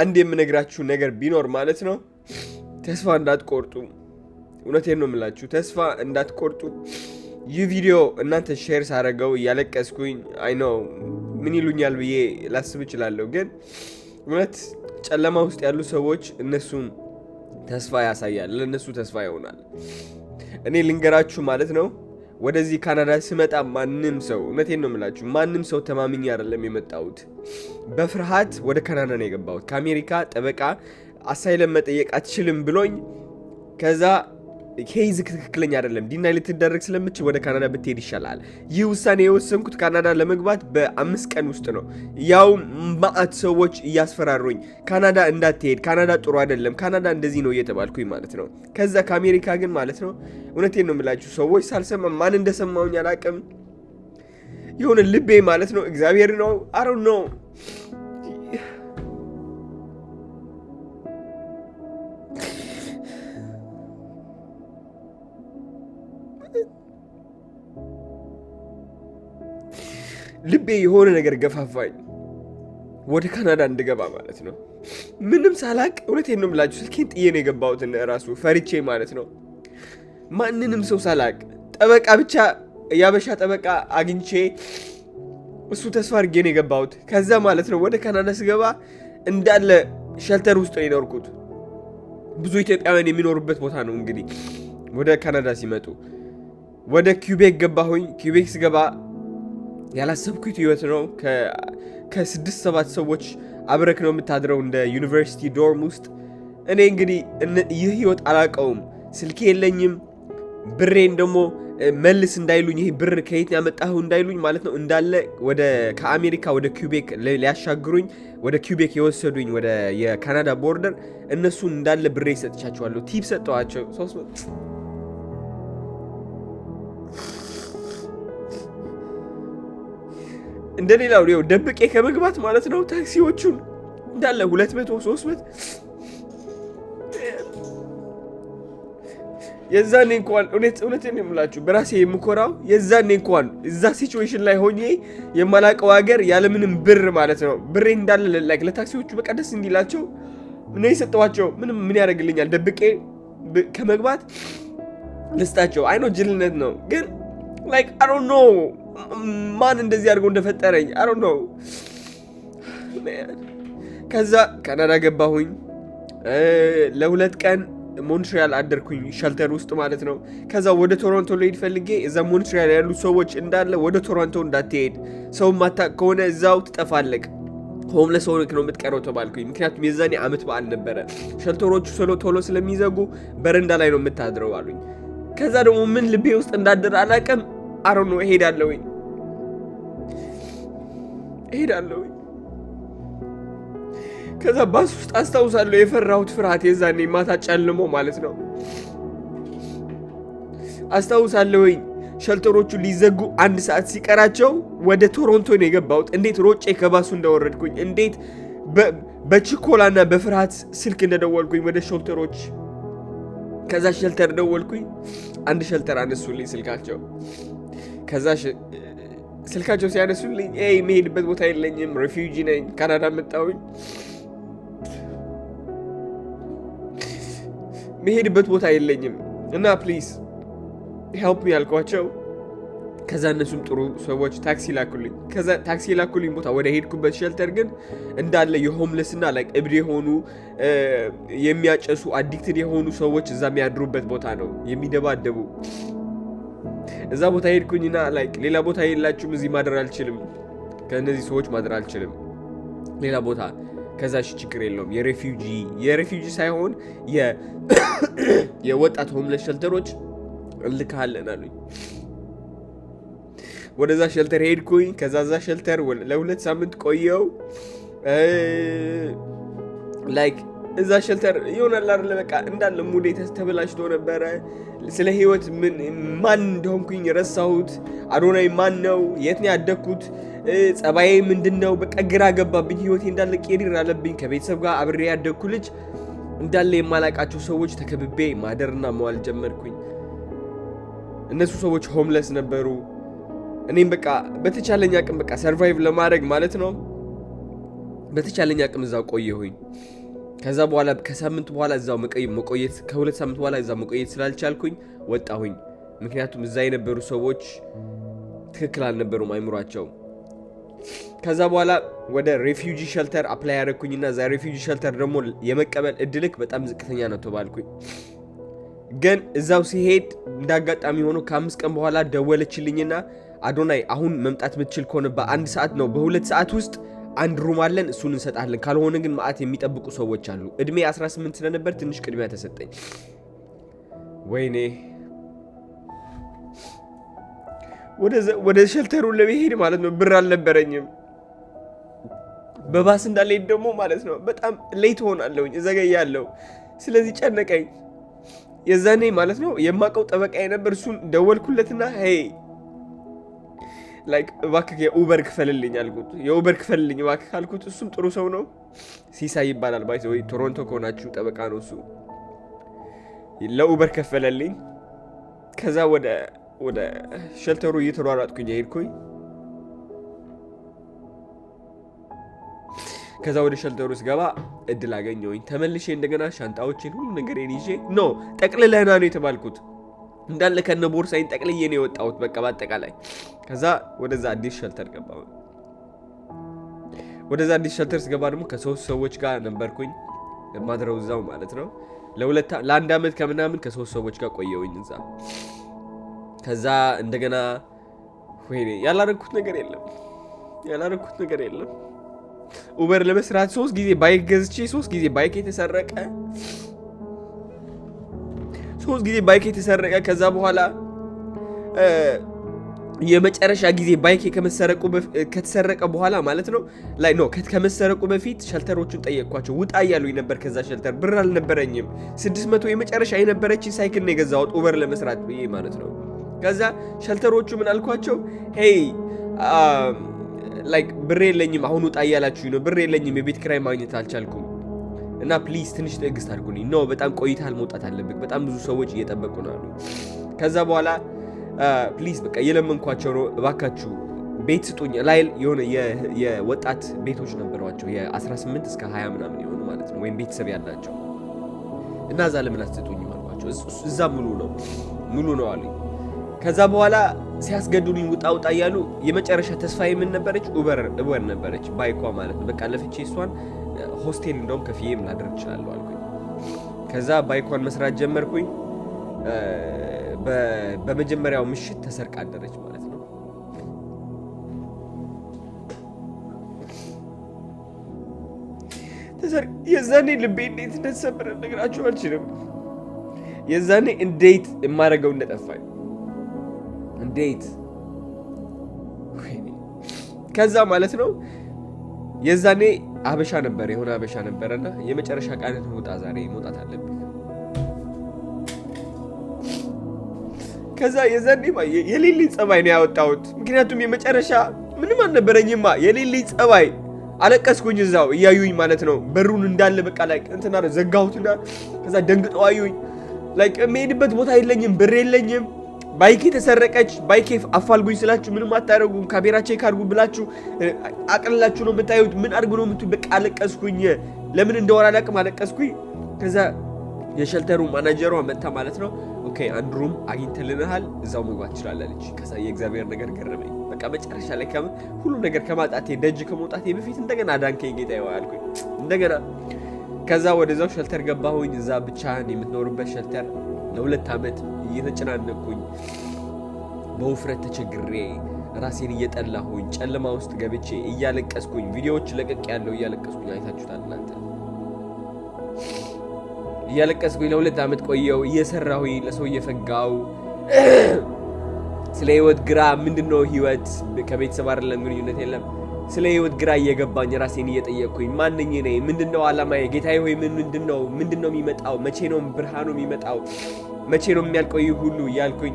አንድ የምነግራችሁ ነገር ቢኖር ማለት ነው ተስፋ እንዳትቆርጡ። እውነቴን ነው የምላችሁ፣ ተስፋ እንዳትቆርጡ። ይህ ቪዲዮ እናንተ ሼር ሳደረገው እያለቀስኩኝ አይኖ ምን ይሉኛል ብዬ ላስብ እችላለሁ፣ ግን እውነት ጨለማ ውስጥ ያሉ ሰዎች እነሱን ተስፋ ያሳያል፣ ለእነሱ ተስፋ ይሆናል። እኔ ልንገራችሁ ማለት ነው ወደዚህ ካናዳ ስመጣ ማንም ሰው እውነቴን ነው የምላችሁ፣ ማንም ሰው ተማምኝ አይደለም የመጣሁት። በፍርሃት ወደ ካናዳ ነው የገባሁት። ከአሜሪካ ጠበቃ አሳይለም መጠየቅ አትችልም ብሎኝ ከዛ ሄይዝ ትክክለኛ አይደለም፣ ዲናይ ልትደረግ ስለምችል ወደ ካናዳ ብትሄድ ይሻላል። ይህ ውሳኔ የወሰንኩት ካናዳ ለመግባት በአምስት ቀን ውስጥ ነው። ያው ማአት ሰዎች እያስፈራሩኝ ካናዳ እንዳትሄድ፣ ካናዳ ጥሩ አይደለም፣ ካናዳ እንደዚህ ነው እየተባልኩኝ ማለት ነው። ከዛ ከአሜሪካ ግን ማለት ነው እውነቴን ነው የምላችሁ ሰዎች ሳልሰማ ማን እንደሰማውኝ አላቅም። የሆነ ልቤ ማለት ነው እግዚአብሔር ነው አሮ ነው ልቤ የሆነ ነገር ገፋፋኝ ወደ ካናዳ እንድገባ ማለት ነው። ምንም ሳላቅ እውነት ነው የምላችሁ፣ ስልኬን ጥዬ ነው የገባሁት ራሱ ፈሪቼ ማለት ነው። ማንንም ሰው ሳላቅ ጠበቃ ብቻ የአበሻ ጠበቃ አግኝቼ እሱ ተስፋ አድርጌ ነው የገባሁት። ከዛ ማለት ነው ወደ ካናዳ ስገባ እንዳለ ሸልተር ውስጥ ነው የኖርኩት። ብዙ ኢትዮጵያውያን የሚኖሩበት ቦታ ነው እንግዲህ ወደ ካናዳ ሲመጡ። ወደ ኪዩቤክ ገባሁኝ። ኪዩቤክ ስገባ ያላሰብኩት ህይወት ነው። ከስድስት ሰባት ሰዎች አብረክ ነው የምታድረው እንደ ዩኒቨርሲቲ ዶርም ውስጥ። እኔ እንግዲህ ይህ ህይወት አላውቀውም። ስልኬ የለኝም። ብሬን ደግሞ መልስ እንዳይሉኝ ይሄ ብር ከየት ያመጣኸው እንዳይሉኝ ማለት ነው እንዳለ ወደ ከአሜሪካ ወደ ኪውቤክ ሊያሻግሩኝ ወደ ኪውቤክ የወሰዱኝ ወደ የካናዳ ቦርደር እነሱን እንዳለ ብሬ ይሰጥቻቸዋለሁ። ቲፕ ሰጠዋቸው እንደ ሌላው ነው ደብቄ ከመግባት ማለት ነው። ታክሲዎቹን እንዳለ ሁለት መቶ ሶስት መቶ የዛኔ እንኳን እውነት እውነት ነው የምላችሁ በራሴ የምኮራው የዛኔ እንኳን እዛ ሲትዌሽን ላይ ሆኜ የማላቀው ሀገር ያለምንም ብር ማለት ነው ብሬ እንዳለ ላይክ ለታክሲዎቹ በቃ ደስ እንዲላቸው ነው የሰጠኋቸው። ምንም ምን ያደርግልኛል ደብቄ ከመግባት ልስጣቸው። አይኖ ጅልነት ነው ግን ላይክ አይ ዶንት ኖ ማን እንደዚህ አድርገው እንደፈጠረኝ አሮ ነው። ከዛ ካናዳ ገባሁኝ። ለሁለት ቀን ሞንትሪያል አደርኩኝ ሸልተር ውስጥ ማለት ነው። ከዛ ወደ ቶሮንቶ ልሄድ ፈልጌ እዛ ሞንትሪያል ያሉ ሰዎች እንዳለ ወደ ቶሮንቶ እንዳትሄድ ሰው ማታ ከሆነ እዛው ትጠፋለቅ ሆምለስ ሆነክ ነው የምትቀረው ተባልኩኝ። ምክንያቱም የዛኔ አመት በዓል ነበረ። ሸልተሮቹ ቶሎ ቶሎ ስለሚዘጉ በረንዳ ላይ ነው የምታድረው አሉኝ። ከዛ ደግሞ ምን ልቤ ውስጥ እንዳደረ አላውቅም። አረ ነው እሄዳለሁኝ እሄዳለሁ። ከዛ ባስ ውስጥ አስታውሳለሁ የፈራሁት ፍርሃት የዛኔ ማታ ጨልሞ ማለት ነው። አስታውሳለሁኝ ሸልተሮቹ ሊዘጉ አንድ ሰዓት ሲቀራቸው ወደ ቶሮንቶ ነው የገባሁት። እንዴት ሮጬ ከባሱ እንደወረድኩኝ፣ እንዴት በችኮላና በፍርሃት ስልክ እንደደወልኩኝ ወደ ሸልተሮች። ከዛ ሸልተር ደወልኩኝ። አንድ ሸልተር አነሱልኝ ስልካቸው። ከዛ ስልካቸው ሲያነሱልኝ የሚሄድበት ቦታ የለኝም፣ ሬፊውጂ ነኝ፣ ካናዳ መጣሁኝ፣ የሚሄድበት ቦታ የለኝም እና ፕሊዝ ሄልፕ ሚ ያልኳቸው፣ ከዛ እነሱም ጥሩ ሰዎች ታክሲ ላኩልኝ። ከዛ ታክሲ ላኩልኝ ቦታ ወደ ሄድኩበት ሸልተር ግን እንዳለ የሆምለስ እና ላይክ እብድ የሆኑ የሚያጨሱ አዲክትድ የሆኑ ሰዎች እዛ የሚያድሩበት ቦታ ነው የሚደባደቡ እዛ ቦታ ሄድኩኝና ላይክ ሌላ ቦታ የላችሁም፣ እዚህ ማደር አልችልም፣ ከእነዚህ ሰዎች ማደር አልችልም፣ ሌላ ቦታ ከዛ ሺ ችግር የለውም። የሬፊጂ የሬፊጂ ሳይሆን የወጣት ሆምለስ ሸልተሮች እልካለን አሉኝ። ወደዛ ሸልተር ሄድኩኝ። ዛ ሸልተር ለሁለት ሳምንት ቆየው ላይክ እዛ ሸልተር ይሆናል አይደለ በቃ እንዳለ ሙዴ ተበላሽቶ ነበረ። ስለ ህይወት ምን ማን እንደሆንኩኝ ረሳሁት። አዶናይ ማን ነው? የት ነው ያደግኩት? ጸባዬ ምንድን ነው? በቃ ግራ ገባብኝ። ህይወቴ እንዳለ ቄሪር አለብኝ። ከቤተሰብ ጋር አብሬ ያደግኩ ልጅ እንዳለ የማላቃቸው ሰዎች ተከብቤ ማደርና መዋል ጀመርኩኝ። እነሱ ሰዎች ሆምለስ ነበሩ። እኔም በቃ በተቻለኝ አቅም በቃ ሰርቫይቭ ለማድረግ ማለት ነው በተቻለኝ አቅም እዛ ቆየሁኝ። ከዛ በኋላ ከሳምንት በኋላ እዛው መቆየት ከሁለት ሳምንት በኋላ እዛው መቆየት ስላልቻልኩኝ ወጣሁኝ። ምክንያቱም እዛ የነበሩ ሰዎች ትክክል አልነበሩም አይምሯቸው። ከዛ በኋላ ወደ ሬፊውጂ ሸልተር አፕላይ ያደረግኩኝና እዛ ሬፊጂ ሸልተር ደግሞ የመቀበል እድልክ በጣም ዝቅተኛ ነው ተባልኩኝ። ግን እዛው ሲሄድ እንዳጋጣሚ ሆኖ ከአምስት ቀን በኋላ ደወለችልኝና አዶናይ አሁን መምጣት ምትችል ከሆነ በአንድ ሰዓት ነው በሁለት ሰዓት ውስጥ አንድ ሩም አለን፣ እሱን እንሰጣለን። ካልሆነ ግን ማአት የሚጠብቁ ሰዎች አሉ። እድሜ 18 ስለነበር ትንሽ ቅድሚያ ተሰጠኝ። ወይኔ ወደ ሸልተሩ ለመሄድ ማለት ነው ብር አልነበረኝም። በባስ እንዳልሄድ ደግሞ ማለት ነው በጣም ሌት ሆናለሁኝ፣ እዘገያለሁ። ስለዚህ ጨነቀኝ። የዛኔ ማለት ነው የማውቀው ጠበቃ የነበር እሱን ደወልኩለትና ሄይ ላይክ እባክህ የኡበር ክፈልልኝ አልኩት። የኡበር ክፈልልኝ እባክህ አልኩት። እሱም ጥሩ ሰው ነው፣ ሲሳይ ይባላል። ባይ ወይ ቶሮንቶ ከሆናችሁ ጠበቃ ነው እሱ። ለኡበር ከፈለልኝ። ከዛ ወደ ወደ ሸልተሩ እየተሯሯጥኩኝ ሄድኩኝ። ከዛ ወደ ሸልተሩ ስገባ እድል አገኘሁኝ። ተመልሼ እንደገና ሻንጣዎችን ሁሉ ነገር ይዤ ኖ ጠቅልለህና ነው የተባልኩት። እንዳለ ከነ ቦርሳይን ጠቅልዬ ነው የወጣሁት። በቃ በአጠቃላይ ከዛ ወደዛ አዲስ ሸልተር ገባ። ወደዛ አዲስ ሸልተር ስገባ ደግሞ ከሶስት ሰዎች ጋር ነበርኩኝ ማድረው እዛው ማለት ነው። ለአንድ ዓመት ከምናምን ከሶስት ሰዎች ጋር ቆየውኝ እዛ። ከዛ እንደገና ወይኔ ያላረግኩት ነገር የለም ያላረግኩት ነገር የለም። ኡበር ለመስራት ሶስት ጊዜ ባይክ ገዝቼ ሶስት ጊዜ ባይክ የተሰረቀ ሶስት ጊዜ ባይኬ ተሰረቀ። ከዛ በኋላ የመጨረሻ ጊዜ ባይኬ ከተሰረቀ በኋላ ማለት ነው ላይ ኖ ከመሰረቁ በፊት ሸልተሮቹን ጠየቅኳቸው። ውጣ እያሉኝ ነበር። ከዛ ሸልተር ብር አልነበረኝም። 600 የመጨረሻ የነበረችን ሳይክል ነው የገዛሁት ኡበር ለመስራት ብዬ ማለት ነው። ከዛ ሸልተሮቹ ምን አልኳቸው? ሄይ ላይክ ብር የለኝም አሁን ውጣ እያላችሁ ነው። ብር የለኝም፣ የቤት ክራይ ማግኘት አልቻልኩም እና ፕሊዝ ትንሽ ትዕግስት አድርጉልኝ። ኖ በጣም ቆይታል፣ መውጣት አለብህ። በጣም ብዙ ሰዎች እየጠበቁ ነው አሉ። ከዛ በኋላ ፕሊዝ በቃ የለመንኳቸው ነው፣ እባካችሁ ቤት ስጡኝ። ላይ የሆነ የወጣት ቤቶች ነበሯቸው የ18 እስከ 20 ምናምን የሆኑ ማለት ነው፣ ወይም ቤተሰብ ያላቸው እና እዛ ለምን አትሰጡኝ አልኳቸው። እዛ ሙሉ ነው ሙሉ ነው አሉኝ። ከዛ በኋላ ሲያስገድሉኝ ውጣ ውጣ እያሉ የመጨረሻ ተስፋ የምን ነበረች? ኡበር ኡበር ነበረች፣ ባይኳ ማለት ነው። በቃ ለፍቼ እሷን ሆስቴል እንደውም ከፍዬ ምን አደርግ እችላለሁ አልኩኝ። ከዛ ባይኳን መስራት ጀመርኩኝ። በመጀመሪያው ምሽት ተሰርቃ አደረች ማለት ነው። የዛኔ ልቤ እንዴት እንደተሰበረ ነግራችሁ አልችልም። የዛኔ እንዴት የማደርገው እንደጠፋኝ እንዴት ከዛ ማለት ነው የዛኔ አበሻ ነበር የሆነ አበሻ ነበረና የመጨረሻ ቃልን ውጣ፣ ዛሬ መውጣት አለብን። ከዛ የዛኔ የሌሊት ጸባይ ነው ያወጣሁት። ምክንያቱም የመጨረሻ ምንም አልነበረኝማ። የሌሊት ጸባይ አለቀስኩኝ። እዛው እያዩኝ ማለት ነው በሩን እንዳለ በቃ ላይ እንትና ዘጋሁትና ከዛ ደንግጠው አዩኝ። ላይክ የምሄድበት ቦታ የለኝም፣ ብር የለኝም ባይኬ ተሰረቀች፣ ባይኬ አፋልጉኝ ስላችሁ ምንም አታደርጉም። ካሜራ ቼክ አድርጉ ብላችሁ አቅልላችሁ ነው የምታዩት። ምን አድርጉ ነው የምትዩት? በቃ አለቀስኩኝ። ለምን እንደወራ አላውቅም፣ አለቀስኩኝ። ከዛ የሸልተሩ ማናጀሯ መታ ማለት ነው። ኦኬ አንድ ሩም አግኝተልንሃል፣ እዛው መግባት ትችላለች። ከዛ የእግዚአብሔር ነገር ገረመኝ። በቃ መጨረሻ ላይ ሁሉ ነገር ከማጣቴ ደጅ ከመውጣቴ በፊት እንደገና አዳንከኝ ጌታ ይዋልኩኝ እንደገና። ከዛ ወደዛው ሸልተር ገባሁኝ። እዛ ብቻህን የምትኖርበት ሸልተር ለሁለት ዓመት እየተጨናነኩኝ በውፍረት ተቸግሬ ራሴን እየጠላሁኝ ጨለማ ውስጥ ገብቼ እያለቀስኩኝ ቪዲዮዎች ለቀቅ ያለው እያለቀስኩኝ አይታችሁታል እናንተ። እያለቀስኩኝ ለሁለት ዓመት ቆየው እየሰራሁኝ ለሰው እየፈጋው ስለ ህይወት ግራ ምንድን ነው ህይወት ከቤተሰብ አይደለም ግንኙነት የለም ስለ ህይወት ግራ እየገባኝ ራሴን እየጠየቅኩኝ ማንኝ ነኝ? ምንድነው አላማዬ? ጌታዬ ሆይ ምንድነው ምንድነው የሚመጣው? መቼ ነው ብርሃኑ የሚመጣው? መቼ ነው የሚያልቀው ሁሉ እያልኩኝ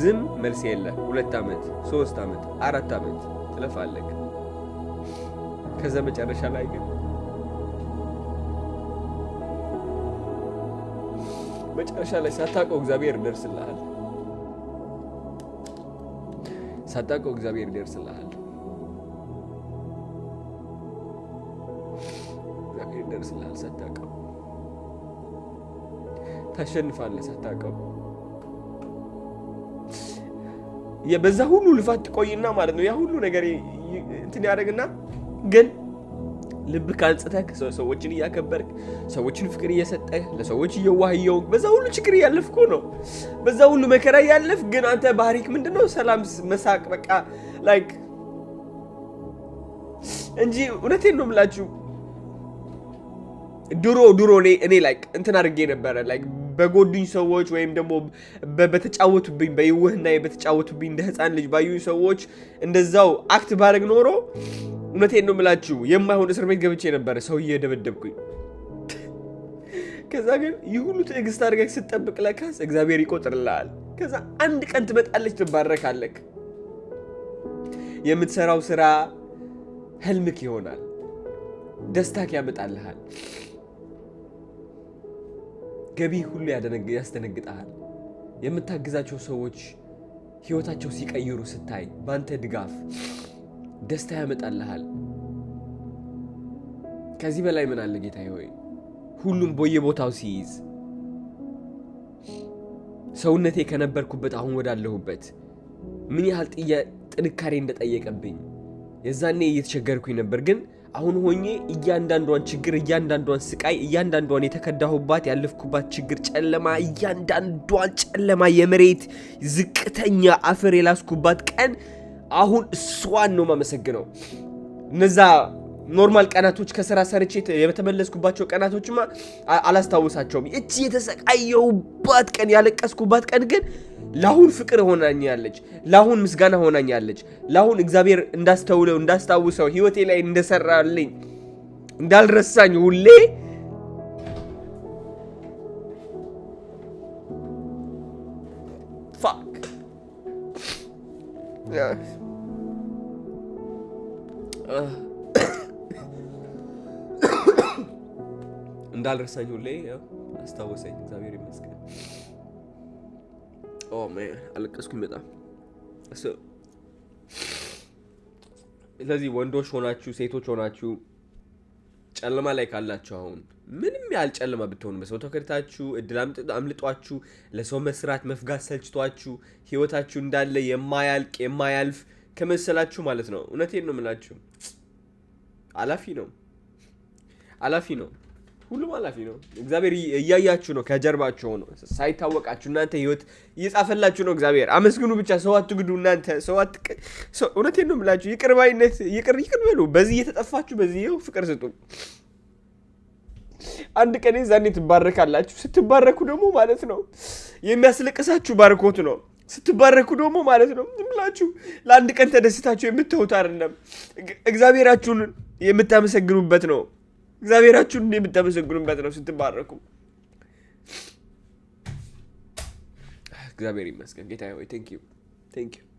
ዝም መልስ የለ። ሁለት ዓመት ሶስት ዓመት አራት ዓመት ትለፋለህ። ከዛ መጨረሻ ላይ ግን መጨረሻ ላይ ሳታውቀው እግዚአብሔር ይደርስልሃል። ሳታውቀው እግዚአብሔር ይደርስልሃል። ታሸንፋለህ ሳታቀቡ በዛ ሁሉ ልፋት ትቆይና ማለት ነው። ያ ሁሉ ነገር እንትን ያደርግና ግን ልብ ካንጽተህ ሰዎችን እያከበርክ ሰዎችን ፍቅር እየሰጠህ ለሰዎች እየዋህየው በዛ ሁሉ ችግር እያለፍ ነው። በዛ ሁሉ መከራ እያለፍ ግን አንተ ባህሪክ ምንድነው? ሰላም መሳቅ በቃ ላይክ እንጂ እውነቴን ነው የምላችሁ ድሮ ድሮ እኔ ላይክ እንትን አድርጌ ነበረ ላይክ በጎዱኝ ሰዎች ወይም ደግሞ በተጫወቱብኝ በይወህና በተጫወቱብኝ እንደ ህፃን ልጅ ባዩኝ ሰዎች እንደዛው አክት ባደረግ ኖሮ እውነቴን ነው የምላችሁ የማይሆን እስር ቤት ገብቼ ነበረ ሰው እየደበደብኩኝ። ከዛ ግን ይህ ሁሉ ትዕግስት አድርገህ ስትጠብቅ ለካስ እግዚአብሔር ይቆጥርልሃል። ከዛ አንድ ቀን ትመጣለች፣ ትባረካለክ። የምትሰራው ስራ ህልምክ ይሆናል፣ ደስታክ ያመጣልሃል። ገቢ ሁሉ ያስደነግጣል። የምታግዛቸው ሰዎች ህይወታቸው ሲቀይሩ ስታይ በአንተ ድጋፍ ደስታ ያመጣልሃል። ከዚህ በላይ ምን አለ ጌታ ሆይ? ሁሉም በየቦታው ሲይዝ ሰውነቴ ከነበርኩበት አሁን ወዳለሁበት ምን ያህል ጥንካሬ እንደጠየቀብኝ የዛኔ እየተቸገርኩኝ ነበር ግን አሁን ሆኜ እያንዳንዷን ችግር እያንዳንዷን ስቃይ እያንዳንዷን የተከዳሁባት ያለፍኩባት ችግር ጨለማ እያንዳንዷን ጨለማ የመሬት ዝቅተኛ አፈር የላስኩባት ቀን አሁን እሷን ነው ማመሰግነው። እነዛ ኖርማል ቀናቶች ከስራ ሰርቼ የተመለስኩባቸው ቀናቶችማ አላስታውሳቸውም። እቺ የተሰቃየሁባት ቀን ያለቀስኩባት ቀን ግን ለአሁን ፍቅር ሆናኛለች፣ ለአሁን ምስጋና ሆናኛለች፣ ለአሁን እግዚአብሔር እንዳስተውለው እንዳስታውሰው ህይወቴ ላይ እንደሰራልኝ እንዳልረሳኝ ሁሌ እንዳልረሳኝ ሁሌ አስታወሰኝ። እግዚአብሔር ይመስገን። አለቀስኩኝ በጣም። ስለዚህ ወንዶች ሆናችሁ ሴቶች ሆናችሁ ጨለማ ላይ ካላችሁ አሁን ምንም ያህል ጨለማ ብትሆኑ በሰው ተከድታችሁ እድል አምልጧችሁ ለሰው መስራት መፍጋት ሰልችቷችሁ ህይወታችሁ እንዳለ የማያልቅ የማያልፍ ከመሰላችሁ ማለት ነው። እውነቴን ነው የምላችሁ። አላፊ ነው አላፊ ነው። ሁሉም ኃላፊ ነው። እግዚአብሔር እያያችሁ ነው፣ ከጀርባችሁ ነው። ሳይታወቃችሁ እናንተ ህይወት እየጻፈላችሁ ነው። እግዚአብሔር አመስግኑ ብቻ፣ ሰው አትግዱ። እናንተ ሰው እውነቴን ነው የምላችሁ፣ ባይነት ይቅር ይቅር በሉ። በዚህ እየተጠፋችሁ በዚህ ይኸው ፍቅር ስጡ። አንድ ቀን ዛኔ ትባረካላችሁ። ስትባረኩ ደግሞ ማለት ነው የሚያስለቅሳችሁ ባርኮት ነው። ስትባረኩ ደግሞ ማለት ነው ብላችሁ ለአንድ ቀን ተደስታችሁ የምትውት አይደለም፣ እግዚአብሔራችሁን የምታመሰግኑበት ነው። እግዚአብሔራችሁን እንዲህ የምታመሰግኑበት ነው ስትባረኩ። እግዚአብሔር ይመስገን። ጌታ ሆይ ቴንክ ዩ ቴንክ ዩ